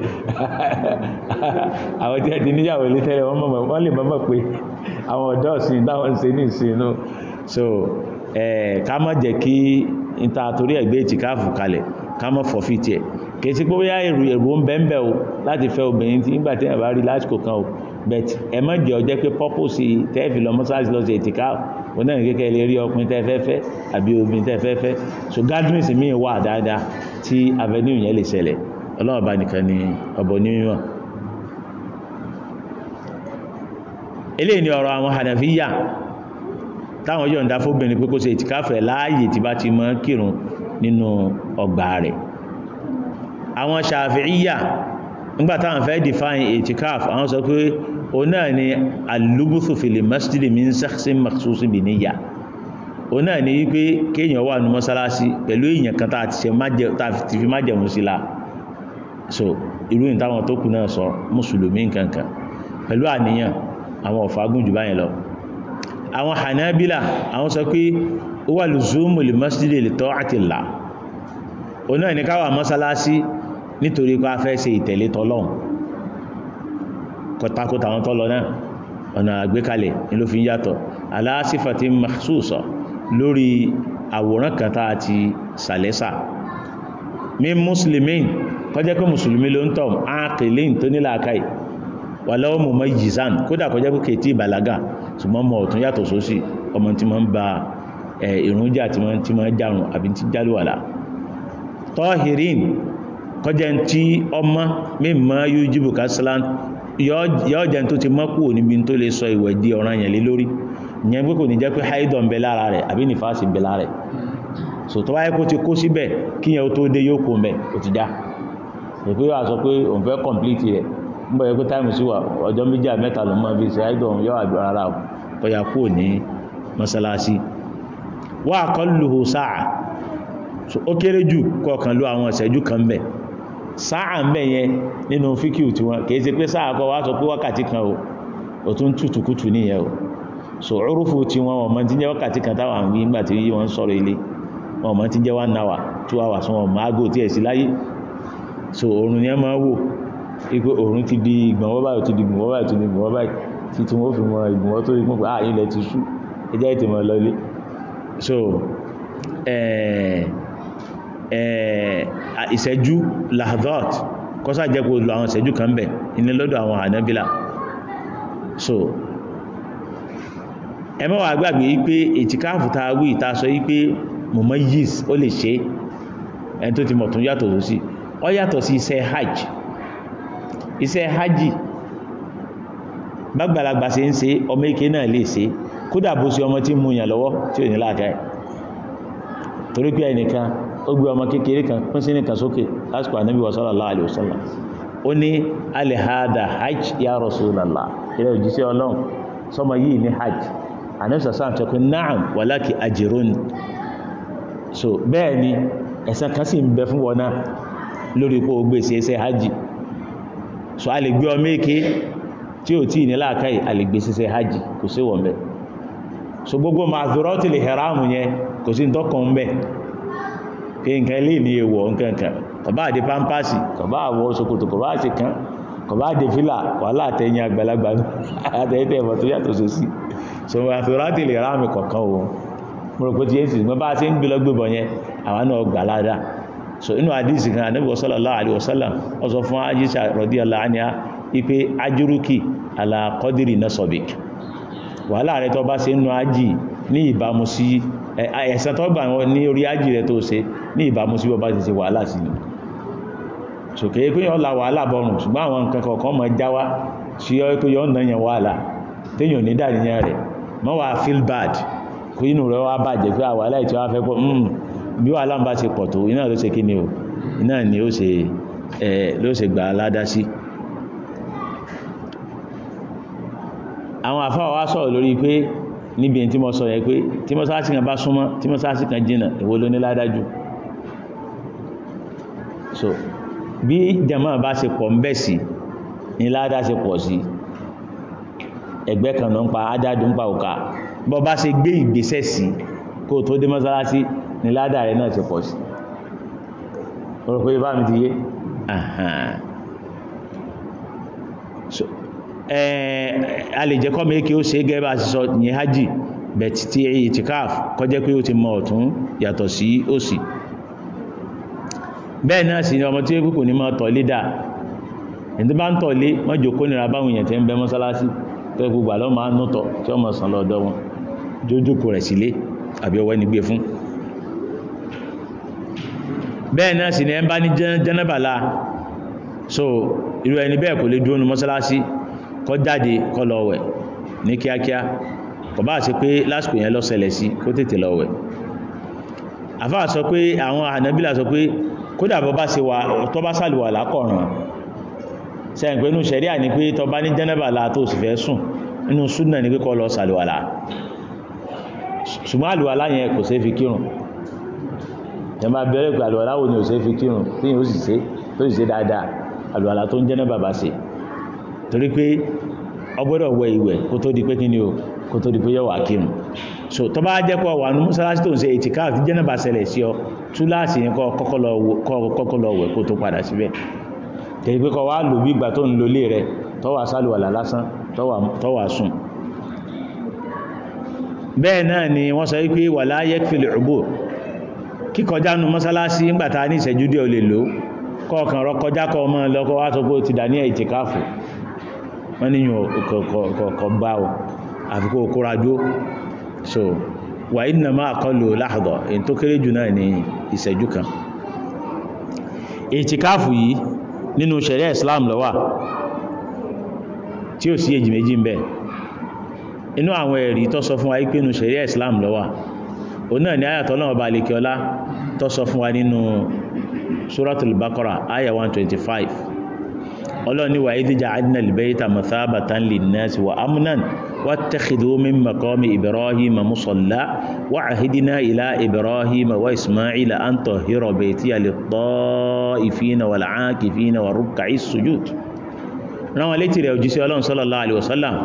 [laughs] àwọn tí a ti níyàwó ilé tẹ́lẹ̀ wọ́n mọ̀ wọ́n lè mọ̀ pé àwọn ọ̀dọ́ ọ̀sìn táwọn ń ṣe ní ìsinú so ká má jẹ́ kí n ta torí ẹ̀gbẹ́ ìtìkáàfù kalẹ̀ ká má forfeit ẹ̀ kì í sí pé bóyá èrò ń bẹ́ńbẹ́ o láti fẹ́ obìnrin tí nígbà tí ẹ̀ bá rí lásìkò kan o but ẹ má jẹ́ ọjẹ́ pé pọ́pọ́sì tẹ́ẹ̀fì lọ mọ́sáàsì lọ sí ètìká wọn náà kékeré lè rí ọkùnrin tẹ́ àbí obìnrin tẹ́ so gatherings mi wà dáadáa tí avenue yẹn lè ṣẹlẹ̀ ọlọ́ọ̀bá nìkan ni ọ̀bọ̀ ní mímọ̀ eléyìí ni ọ̀rọ̀ àwọn hànàfíyà táwọn yọ̀ǹda fóbìnrin pé kó ṣe ìtìkáfẹ̀ láàyè tí bá ti mọ́ kírun nínú ọgbà rẹ̀ àwọn ṣàfíyà nígbà táwọn fẹ́ define ìtìkáf àwọn sọ pé òun náà ni alúgbùsù fìlì masjidi min sáàsì maksusi bì níyà òun náà ni wípé kéèyàn wà ní mọ́sálásí pẹ̀lú èèyàn kan tààtì fi májẹ̀mú sí la so irú ìtàwọn tó kù náà sọ mùsùlùmí nkankan pẹ̀lú àníyàn àwọn ọ̀fagún jù báyìí lọ àwọn hanabila àwọn sọ pé ó wà lùzúmù lè masjidi lè tọ́ àtìlá òun náà ni káwà mọ́sálásí nítorí pé a fẹ́ ṣe ìtẹ̀lé tọlọ́hun kọtako tàwọn tó lọ náà ọ̀nà àgbékalẹ̀ ni ló fi ń yàtọ̀ aláàsífàtí mahsusa lórí àwòrán kan àti sàlẹ́sà mi muslimin kọjẹ́ pé mùsùlùmí ló ń tọ̀ áàkìlín tó ní làákàì wà lọ́wọ́ mọ̀ mọ́ yìzán kódà kọjẹ́ pé kètí ìbàlágà ṣùgbọ́n mọ̀ ọ̀tún yàtọ̀ sósì ọmọ tí ma ń ba ìrúnjà tí ma ń jàrùn àbí tí jálùwàlá tọ́hìrín kọjẹ́ tí ọmọ mímọ́ yújúbù kásílán yọọ jẹ́ tó ti mọ́kù níbi tó lè sọ ìwẹ̀ di ọ̀ràn yẹn lé lórí ìyẹn pé kò ní jẹ́ pé haidọ̀ ń bẹ lára rẹ̀ àbí bẹ lára rẹ̀ so tó wáyé kó ti kó síbẹ̀ kí yẹn tó dé yóò kó mẹ́ ó ti dá ìpé wà sọ pé òun fẹ́ kọ̀m̀plìtì rẹ̀ ń bọ̀ yẹ pé táìmù sí wà ọjọ́ méjì ló mọ́ kan sáà ń bẹ̀ yẹn nínú fíkíù tí wọ́n kìí ṣe pé sáà kọ́ wá sọ pé wákàtí kan o ò tún tútùkútù nìyẹn o so orúfù tí wọ́n ọmọ tí ń jẹ́ wákàtí kan táwà ń wí nígbà tí wọ́n ń ilé ọmọ tí ń jẹ́ one hour two hours wọn ọmọ aago tí ẹ̀ sí láyé so oorun yẹn máa wò pé oorun ti di ìgbọ̀nwọ́ báyìí ti di ìgbọ̀nwọ́ báyìí ti di ìgbọ̀nwọ́ wọ́n ah ilẹ̀ ti ṣú ẹjẹ́ so eh, Eh, ìṣẹ́jú lahadot kọ́sà jẹ́ kó lo àwọn ìṣẹ́jú kan bẹ̀ ní lọ́dọ̀ àwọn ànábílà so ẹ má wá gbàgbé wípé ìtìkáàfù ta wí ìta sọ wípé mọ̀mọ́ yìís ó lè ṣe ẹni tó ti mọ̀ tún yàtọ̀ tó sí ọ yàtọ̀ sí iṣẹ́ hajj iṣẹ́ hajj bágbàlagbà ṣe ń ṣe ọmọ ike náà lè ṣe kódà bó ṣe ọmọ tí mú yàn lọ́wọ́ tí ò ní láàkáì torí pé ẹnìkan ó gbé ọmọ kékeré kan pín sí nìkan sókè lásìkò ànábì wa sallallahu alaihi wasallam ó ní alihada hajj ya rasulallah ilẹ̀ òjíṣẹ́ ọlọ́run sọmọ yìí ní hajj ànábì sàṣà àti ọkùnrin na'am walaki ajirun so bẹ́ẹ̀ ni ẹ̀san kan sì ń bẹ fún wọn náà lórí ipò gbèsè ẹsẹ̀ hajj so a lè gbé ọmọ èké tí ò tí ní láàkáì a lè gbé ṣiṣẹ́ hajj gbogbo mazurọ́tì lè hẹ̀ráàmù yẹn kò sí ní tọ́kàn bẹ́ẹ̀ pé nǹkan ilé ní ewọ̀ nǹkan kan àdé kọbaa kọ̀bá àwọ̀ ṣòkòtò kọ̀bá àti kan kọ̀bá àdé fílà wàhálà àgbàlagbà [laughs] yàtọ̀ so àfihàn lè rá mi kọ̀ọ̀kan òun mo rò pé ti bá ṣe ń gbé yẹn àwọn náà gbà so inú kan ànábì sallallahu alaihi wasallam ó sọ fún ipe ala wàhálà rẹ tó bá ṣe ń nu ní ìbámu sí tó gbà ní orí rẹ tó ṣe ní ìbámu sí bọ́bá ti ṣe wàhálà sí ni sòkè pé yọ́ la wàhálà bọrùn ṣùgbọ́n àwọn nǹkan kọ̀ọ̀kan mọ̀ jáwá sí yọ́ pé yọ́ nà yẹn wàhálà téèyàn ní dàníyàn rẹ̀ mọ́ wàá feel bad kó inú rẹ̀ wá bàjẹ́ pé àwàhálà ìtì wá fẹ́ pọ̀ hmm. bí wàhálà ń bá ṣe pọ̀ tó iná ló ṣe kí ni o iná ni ó ṣe gbà ládá sí àwọn àfáà wá sọ̀rọ̀ lórí pé níbi tí mo sọ yẹn pé tí mọ́sáàsì kan bá súnmọ́ tí mọ́sáàsì kan jìnnà èwo ló ní ládájú so bí jama bá ṣe pọ̀ ń bẹ̀ sí ní ládá ṣe pọ̀ sí ẹgbẹ́ kan ló ń pa ádádùn pa òkà bọ́ bá ṣe gbé ìgbésẹ̀ sí kó tó dé mọ́sálásí ní ládá rẹ̀ náà ṣe pọ̀ sí ọ̀rọ̀ pé bá mi ti yé a lè jẹ́ kọ́mọ̀ èké ó ṣe gẹ́gẹ́ bá sọ ní hajj bẹ̀tì tí èyí ti káàf kọjẹ́ pé ó ti mọ̀ ọ̀tún yàtọ̀ sí òsì bẹ́ẹ̀ náà sì ni ọmọ tí ó kò ní máa tọ̀lé dà ẹni tó bá ń tọ̀lé wọ́n jòkó nira báwọn èèyàn tí ń bẹ mọ́sálásí tó gbogbo àlọ́ máa ń nùtọ̀ tí ọmọ sàn lọ́dọ̀ wọn jójókòó rẹ̀ sílé àbí ọwọ́ ẹni gbé fún bẹ́ẹ̀ náà sì ni ẹ ń bá ní jẹ́nẹ́bàlá so irú ẹni bẹ́ẹ̀ kò lè dúró ní mọ́sálásí kó jáde kó lọ wẹ̀ ní kíákíá kò bá ṣe pé lásìkò yẹn ló sí kó tètè lọ wẹ̀ àfáà sọ pé àwọn ànábìlà sọ pé kódà bọ́ bá ṣe wà tó bá sàlùwà lákọ̀rùn sẹ́yìn pé inú ṣẹ̀ríà ní pé tó bá ní jẹ́nẹ́bà láà tó sì fẹ́ sùn inú súnà ní pé lọ sàlùwà láà ṣùgbọ́n àlùwà láyẹn kò ṣe fi kírun ẹ máa bẹ̀rẹ̀ pé àlùwà láwo ni ò ṣe fi kírun tí yóò sì ṣe tó sì ṣe dáadáa àlùwà láà tó ń jẹ́nẹ́bà bá ṣe torí pé ọgbọ́dọ̀ wẹ ìwẹ̀ kó tó di pé kí ni o kó tó di pé yọ wà kírun so tó bá jẹ́ pọ̀ wà ní mọ́sálásí tó ń ṣe ìtìkáàfù jẹ́nẹ́bà ṣẹlẹ̀ sí ọ túláàsì ní kọ́kọ́ lọ wẹ̀ kó tó padà síbẹ̀ tẹ̀yí pé kọ́ wá lò bí ìgbà tó ń lólé rẹ̀ tọ́wà sálùwàlà lásán tọ́wà sùn bẹ́ẹ̀ náà ni wọ́n sọ wípé wà láyé fìlì ọ̀bọ̀ kíkọjá nù mọ́sálásí ńgbàta ní ìṣẹ́jú díẹ̀ olè lò kọ́ọ̀kan rọ kọjá kọ́ ọmọ lọ́kọ́ wá tó pé ti dà ní ìtìkáfù wọ́n níyàn kọ̀ọ̀kọ̀ bá ọ àfikún okóra dúó so wà iná máa kọlù láàgọ̀ èyí tó kéré jù náà ní ìṣẹ́jú kan ètìkáàfù yìí nínú ṣẹ̀rẹ́ Islam lọ́wà tí ó sí èjì méjì ń bẹ inú àwọn ẹ̀rí tó sọ fún wa pé nínú ṣẹ̀rẹ́ Islam lọ́wà o náà ni ayàtọ̀ náà bá tó sọ fún wa nínú Suratul Baqara ayà 125 ọlọ́run ní wàá ìdíjà adinal bayta mathabatan linnasi wa amnan wattakhidhu min maqami ibrahima musalla wa ahidina ila ibrahima wa ismaila an tahira baytiya lit-ta'ifina wal-'akifina war-ruk'is sujud rán wọn létí rẹ̀ òjíṣẹ́ ọlọ́run sallallahu alaihi wasallam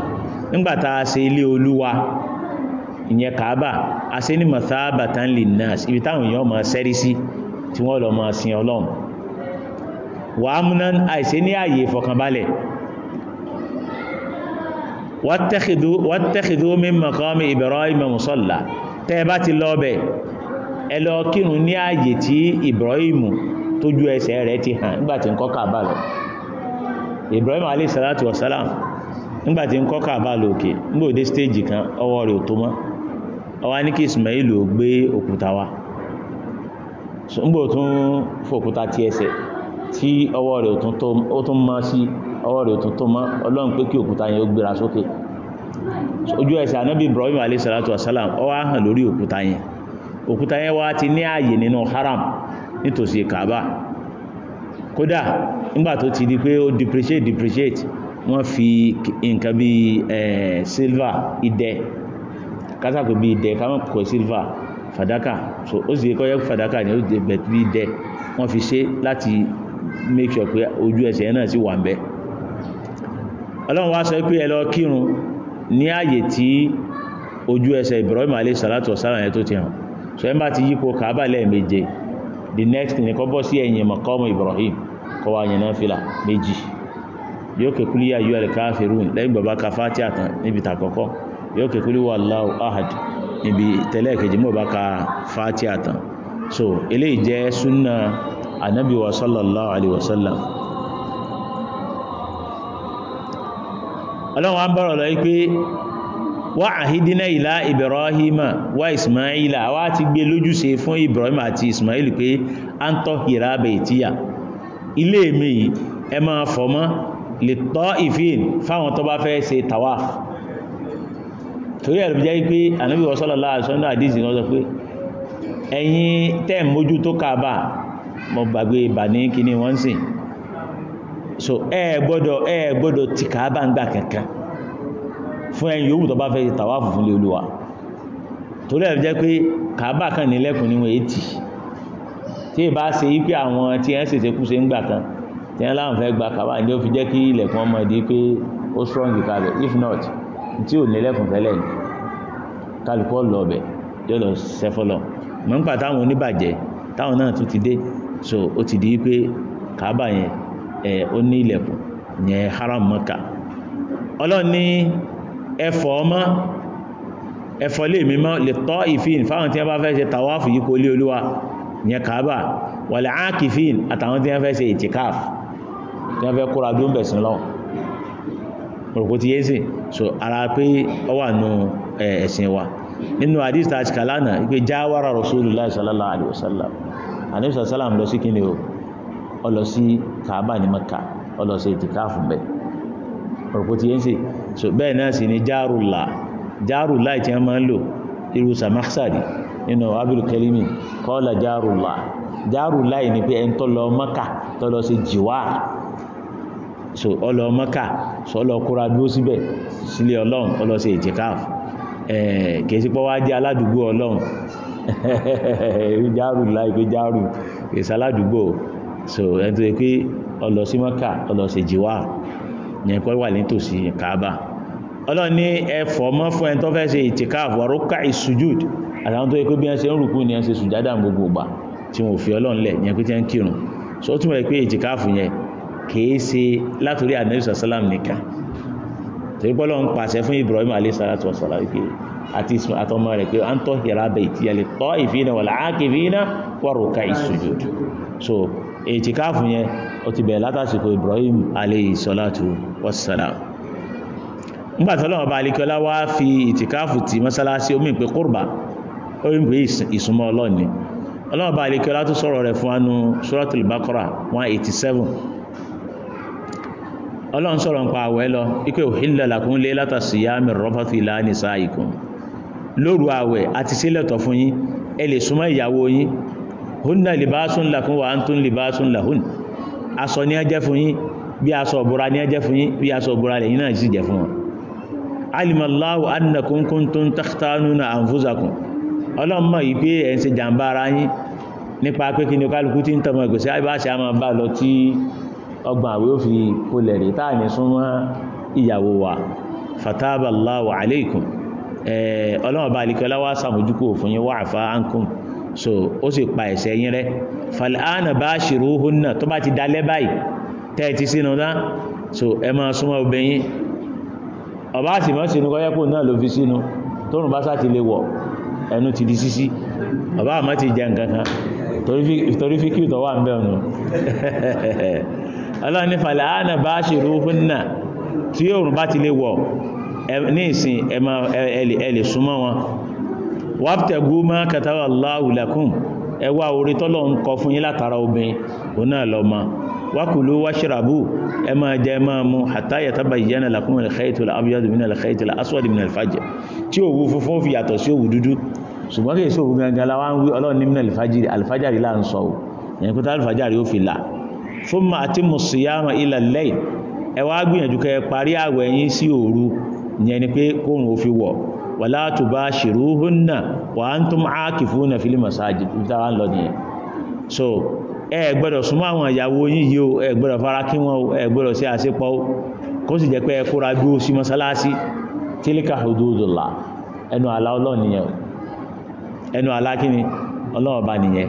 nígbàtà ṣe ilé olúwa ìyẹn kàábà a ṣe ní mathabatan linnasi ibi táwọn èèyàn máa ṣẹ́rí sí tí wọ́n lọ máa sin ọlọ́run wà á múná àìsí ní ààyè ìfọ̀kànbalẹ̀ wàtẹ́kìdú min maqami Ibrahim musalla tẹ́ bá ti lọ bẹ̀ ẹ lọ kírun ní ààyè tí Ibrahim tójú ẹsẹ̀ rẹ̀ ti hàn nígbàtí ń kọ́ Kaaba abalị Ibrahim alayhi salatu wasalam nígbàtí ń kọ́ Kaaba lọ òkè ngbòdé stéèjì kan ọwọ́ rẹ̀ ò tó mọ́ wa tí ọwọ́ rẹ̀ ó tún mọ́ sí ọwọ́ rẹ̀ ó tún tó mọ́ ọlọ́run pé kí òkúta yẹn ó gbéra sókè Ibrahim wasalam hàn lórí òkúta yẹn òkúta yẹn wá ti ní ààyè nínú haram nítòsí Kaaba kódà nígbà tó ti di pé ó depreciate depreciate wọ́n fi nǹkan bí silver idẹ kásàkó bí idẹ káwọn silver fàdákà so ó sì kọ́ yẹ fàdákà ní ó fi ṣe láti make sure pé ojú ẹsẹ̀ náà sì wà ń bẹ́ ọlọ́run wá sọ pé ẹ lọ kírun ní ààyè tí ojú ẹsẹ̀ Ibrahim alayhi salatu wasalam yẹn tó ti hàn so ẹ bá ti yípo Kaaba lẹ́ẹ̀méje the next ni kọ́ bọ́ sí ẹ̀yìn maqamu Ibrahim kọ́ wa yẹn náà fìlà méjì yóò kékulí yá yóò ẹ̀ka fèrún lẹ́yìn bàbá ka Fatiha tán níbi tàkọ́kọ́ yóò kékulí wallahu ahad níbi tẹ́lẹ̀ kejì mọ̀ bá ka Fatiha tán so eléyìí jẹ́ súnà ànábì wa sallallahu alaihi wasallam ọlọ́wọ́n ń bọ̀rọ̀ lọ wípé wá àhídínà ìlà Ibrahima wá Ismaila wá ti gbé lójúṣe fún Ibrahima àti Ismail pé a ń tọ́ hìrá bẹ̀tíyà ilé mi ẹ máa fọ̀mọ́ lè tọ́ ìfíìn fáwọn tó bá fẹ́ ṣe tawaf torí ẹ̀rọ jẹ́ pé ànábì wa sallallahu alaihi àdíjì náà pé ẹ̀yin tẹ́ mójú tó Kaaba mo gbàgbé ibà ní kíní wọ́n sì so ẹ gbọ́dọ̀ ẹ gbọ́dọ̀ ti kàábà ń gbà kankan fún ẹ̀yin yòówù tó bá fẹ́ ti tàwáfù fún ilé olúwa torí ẹ̀ jẹ́ pé kàábà kan nílẹ̀kùn níwọ̀n ètì tí ì bá ṣe wípé àwọn tí ẹ̀ ń ṣèṣe kú ṣe ń gbà kan tí ẹ̀ láwọn fẹ́ gba kàábà ní ó fi jẹ́ kí ilẹ̀kùn ọmọ ìdí pé ó strong kalẹ̀ if not tí ò nílẹ̀kùn fẹ́lẹ̀ ni kálukọ́ lọ ọbẹ̀ yóò lọ ṣẹfọ́ lọ mọ̀ ń pàtàwọn oníbàjẹ́ táwọn náà tún ti dé so ó ti di pé kaaba yẹn ẹ̀ ó ní ilẹ̀kùn yẹn haram maka ọlọ́run ní ẹfọ̀ ọmọ ẹfọ̀ lè mímọ́ lè tọ́ ìfín fáwọn tí wọ́n bá fẹ́ ṣe tàwáfù yí kó lé olúwa yẹn kaaba wàlẹ̀ ákìfín àtàwọn tí wọ́n fẹ́ ṣe ìtìkáf tí wọ́n fẹ́ kóra bí ó ń sí lọ́wọ́ òrùkú ti yéé sì so ara pé ọ wà nù ẹ̀sìn wa nínú àdìsítà àti kàlánà ìpé jáwára rasulullah sallallahu alaihi wasallam anabi sọ sálàm lọ sí kíni o ọ lọ sí kaaba ní maka ọ lọ sí ìtìkáàfù bẹ ọ̀rọ̀pọ̀ ti yẹn sì so bẹ́ẹ̀ náà sì ni járùlá járùlá ìtì wọn máa ń lò irú samaxadi nínú abiru kẹlímì kọ́ọ̀lá járùlá járùlá yìí ni pé ẹni tó lọ maka tó lọ sí jìwá so ọ maka so ọ lọ kóra dúró síbẹ̀ sílé ọlọ́run ọ lọ sí ìtìkáàfù ẹ̀ẹ́ kì í wá jẹ́ aládùúgbò ọlọ́run járù láìpé járù ìsáládùúgbò so ẹni tó yẹ pé ọlọ sí mọ́kà ọlọ sí jìwà yẹn kọ́ wà nítòsí kaaba ọlọ́run ní ẹfọ̀ mọ́ fún ẹni tó fẹ́ ṣe ìtìkáàfù ọ̀rọ̀ká ìsùjúd àtàwọn tó yẹ pé bí wọ́n ṣe ń rùkú ni wọ́n ṣe sùjádà gbogbo ìgbà tí wọ́n fi ọlọ́run lẹ̀ yẹn pé tí wọ́n kírun so ó túmọ̀ pé ìtìkáàfù yẹn kìí ṣe látòrí ànábì sàlám nìkan torí pé ọlọ́run pàṣẹ fún Ibrahim alayhi salatu wa salam àti àtọmọ rẹ̀ pé a ń tọ́ hìrá bẹ̀ ìtì ẹ̀lẹ̀ tọ́ ìfínà wà láàkìfínà wọ́rùka ìsùjúdù so ètìkáàfù yẹn ó ti bẹ̀rẹ̀ látàsìkò Ibrahim alayhi salatu wassalam nígbàtọ́lọ́wọ́ ọlọ́run sọ̀rọ̀ ń pa àwẹ́ lọ ikú òhìlẹ̀ làkún lé látàsíyá mẹ́rọ̀fà fi láà nìsáà ikùn lóru àwẹ̀ àti sílẹ̀tọ̀ fún yín ẹ lè súnmọ́ ìyàwó yín hunna libasun lakum wa antum libasun lahun aṣọ ni a jẹ́ fún yín bí aṣọ ọ̀bọ̀ra ni a jẹ́ fún yín bí aṣọ ọ̀bọ̀ra lẹ́yìn náà sì jẹ́ fún wọn alimallahu annakum òfin kò lẹ̀rí táà ní súnmọ́ ìyàwó wa fataballahu alaykum ọlọ́run alikọ́lá wá sàmójúkò fún yín àfá ánkùn so ó sì pa ẹ̀ṣẹ̀ yín fal'ana bashiruhunna tó bá ti dalẹ́ báyìí tẹ́ẹ̀tì sínú náà so ẹ máa súnmọ́ obìnrin ọba sì mọ́ sínú kọ́yẹ́kùn náà ló fi sínú bá sá ti lè wọ̀ ẹnu ti di sísí ọba àmọ́ ti jẹ nǹkan kan torí fi kí ń bẹ̀ ọ̀nà [laughs] tí bá ti lè wọ̀ ní ìsìn ẹlẹ̀ súnmọ́ wọn wáptẹ̀gú má kataba Allahu lakum ẹwà orí tọ́lọ̀ ń kọ fún yín látara obìnrin òun náà lọ ma wákùlú wáṣíràbù ẹ máa jẹ máa mú hatta yatabayyana lakum al-khaytu al-abyadu min al-khayti al-aswadi min al-fajr tí òwú funfun fi yàtọ̀ sí òwú dúdú ṣùgbọ́n kí èso òwú gangan la wọ́n ń wí ọlọ́run ní min al-fajri al gbìyànjú kẹ parí àwẹ̀ sí òru ìyẹn ni pé kóòrùn ó fi wọ̀ wala tubashiruhunna wa antum aakifuna fil ń lọ nìyẹn so ẹ gbọ́dọ̀ súnmọ́ àwọn ìyàwó yín yìí o ẹ gbọ́dọ̀ fara kí wọn ẹ gbọ́dọ̀ sí àṣepọ̀ kó sì jẹ́ pé ẹ kóra dúró sí mọ́sálásí tilka hududullah ẹnu àlá nìyẹn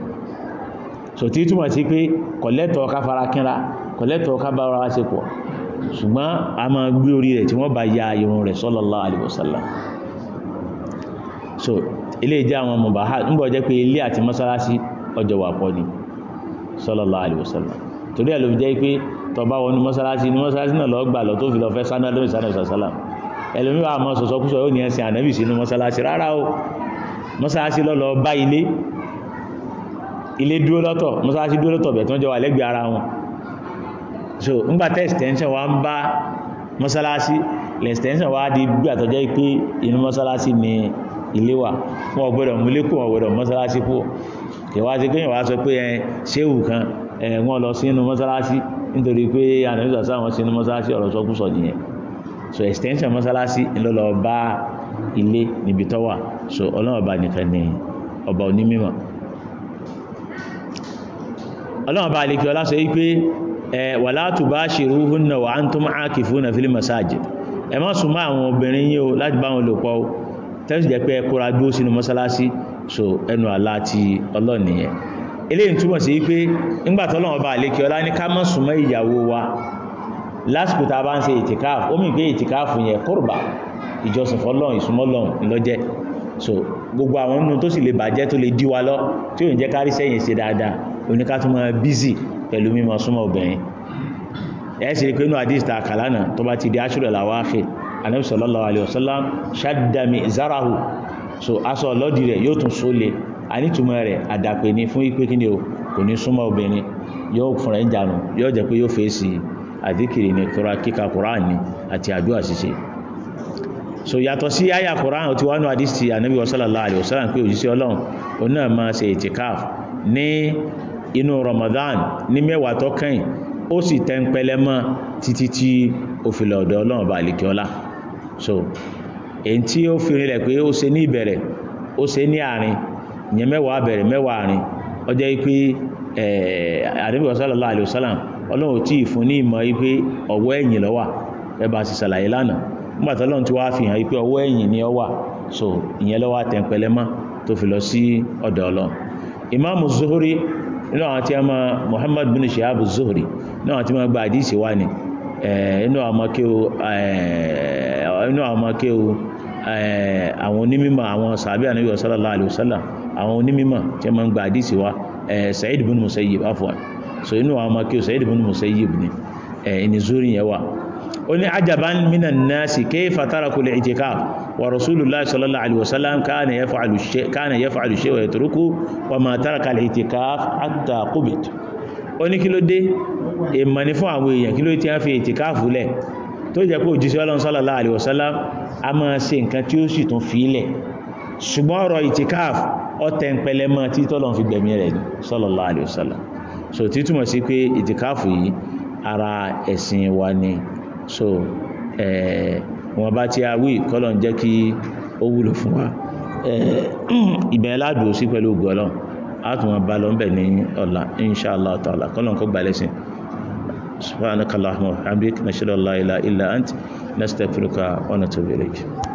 so tí túmọ̀ sí pé kọ̀lẹ́tọ̀ ká fara kínra kọ̀lẹ́tọ̀ bá ara ṣe pọ̀ ṣùgbọ́n a máa gbé orí rẹ̀ tí wọ́n bá ya irun rẹ̀ sọ́lọ́lá so ilé àwọn nígbà pé ilé àti mọ́sálásí ọjọ́ wà pọ̀ ni torí ẹ̀ ló fi jẹ́ pé mọ́sálásí mọ́sálásí náà lọ́ọ́ gbà lọ tó fi lọ fẹ́ lórí ẹlòmíwà ilé dúró lọ́tọ̀ mọ́sálásí dúró lọ́tọ̀ bẹ̀ tó ń jọ wà lẹ́gbẹ̀ẹ́ ara wọn so ńgbà tẹ́ extension wa ń bá mọ́sálásí extension wa di gbígbà tó pé inú mọ́sálásí ni ilé wà wọn ò gbọ́dọ̀ múlé kù wọn ò gbọ́dọ̀ mọ́sálásí kù kẹwàá ti kéyàn wá sọ pé ẹ ṣéwù kan ẹ wọn so extension mọ́sálásí ńlọ́lọ́ bá ilé níbi so ọlọ́run ọba nìkan ni ọba ọlọ́run bá lè kí ọlá sọ wípé wala tubashiruhunna wa antum aakifuna fil masajid ẹ má sún mọ́ àwọn obìnrin yín o láti bá wọn lò pọ̀ tẹ́sì jẹ́ pé ẹkùnra dúró sínú mọ́sálásí so ẹnu àlá ti ọlọ́run nìyẹn eléyìí túmọ̀ sí wípé nígbàtí ọlọ́run bá lè kí ọlá ní ká má sún mọ́ ìyàwó wa lásìkò gbogbo àwọn nínú tó sì lè bàjẹ́ tó lè dí lọ tí ò ní jẹ́ kárí sẹ́yìn ṣe dáadáa oníkátúmọ̀ bízì pẹ̀lú mímọ̀ súnmọ́ obìnrin ẹ̀ẹ́sì rí pé inú àdísta kàlánà tó bá ti di aṣúrẹ̀ làwáfì Ànábì sallallahu alaihi wasallam zarahu so aṣọ ọlọ́dì rẹ̀ yóò tún sólè anítùmọ̀ rẹ̀ àdàpè ní fún ipé kí ni o kò ní súnmọ́ obìnrin yóò fúnra ń jànù yóò jẹ́ so yàtọ̀ sí àyà kúrán tí wọ́n nú àdísì Ànábì sallallahu alaihi wasallam pé òjíṣẹ́ Ọlọ́run òun náà máa ṣe ìtìkáf ní inú Ramadan ní mẹ́wàá tó kẹ́yìn ó sì tẹ́ńpẹ́lẹ́ mọ́ títí tí ó fi lọ́dọ̀ Ọlọ́run bá lè kíọ́lá so èyí tí ó fi rinlẹ̀ pé ó ṣe ní ìbẹ̀rẹ̀ ó ṣe ní àárín ìyẹn mẹ́wàá bẹ̀rẹ̀ mẹ́wàá àárín Ọlọ́run tí ní ìmọ̀ ọwọ́ ẹ̀yìn lọ́wà lánàá Ọlọ́run wá inú àwọn tí a máa Muhammad bin Shihab Zuhri inú àwọn tí wọ́n gba àdísì wá ni inú àwọn akéwò àwọn onímímọ̀ àwọn sàábí ànábì sallallahu alaihi wasallam àwọn onímímọ̀ tí a máa ń gba àdísì wá Sa'id bin Musayyib afwan so inú àwọn akéwò Sa'id bin Musayyib ni ẹni Zuhri yẹn wà ní ajaban minan nasi kayfa taraku al wa rasulullah sallallahu alaihi wasallam kana yaf'alu shay kana yaf'alu shay wa yatruku wa ma taraka al-i'tikaf hatta qubit ó ní kí ló dé èèmọ̀ ni fún àwọn èèyàn kí ló ti ń fi ìtìkáàfù lẹ̀ tó jẹ́ pé òjíṣẹ́ ọlọ́run sallallahu alaihi wasallam a máa ṣe nǹkan tí ó sì tún fi ilẹ̀ ṣùgbọ́n ọ̀rọ̀ ìtìkáàfù ọ̀tẹ̀ ń pẹlẹ mọ́ tí tọ́lọ́run fi gbẹ̀mí rẹ̀ sallallahu alaihi wasallam so tí túmọ̀ sí pé ìtìkáàfù yìí ara ẹ̀sìn wa ni so eh, wọn bá tí a wí kọ́lọ̀ ń jẹ́ kí ó wúlò fún wa ìbẹ̀rẹ̀ ládùú sí pẹ̀lú ògùn ọlọ́run a tún wọn bá lọ ń bẹ̀ ní ọ̀la inṣàlá ta'ala kọ́lọ̀ ń kó gbà lẹ́sìn subhanakallahumma wa bihamdik nashhadu an la illa ant nastaghfiruka wa natubu ilayk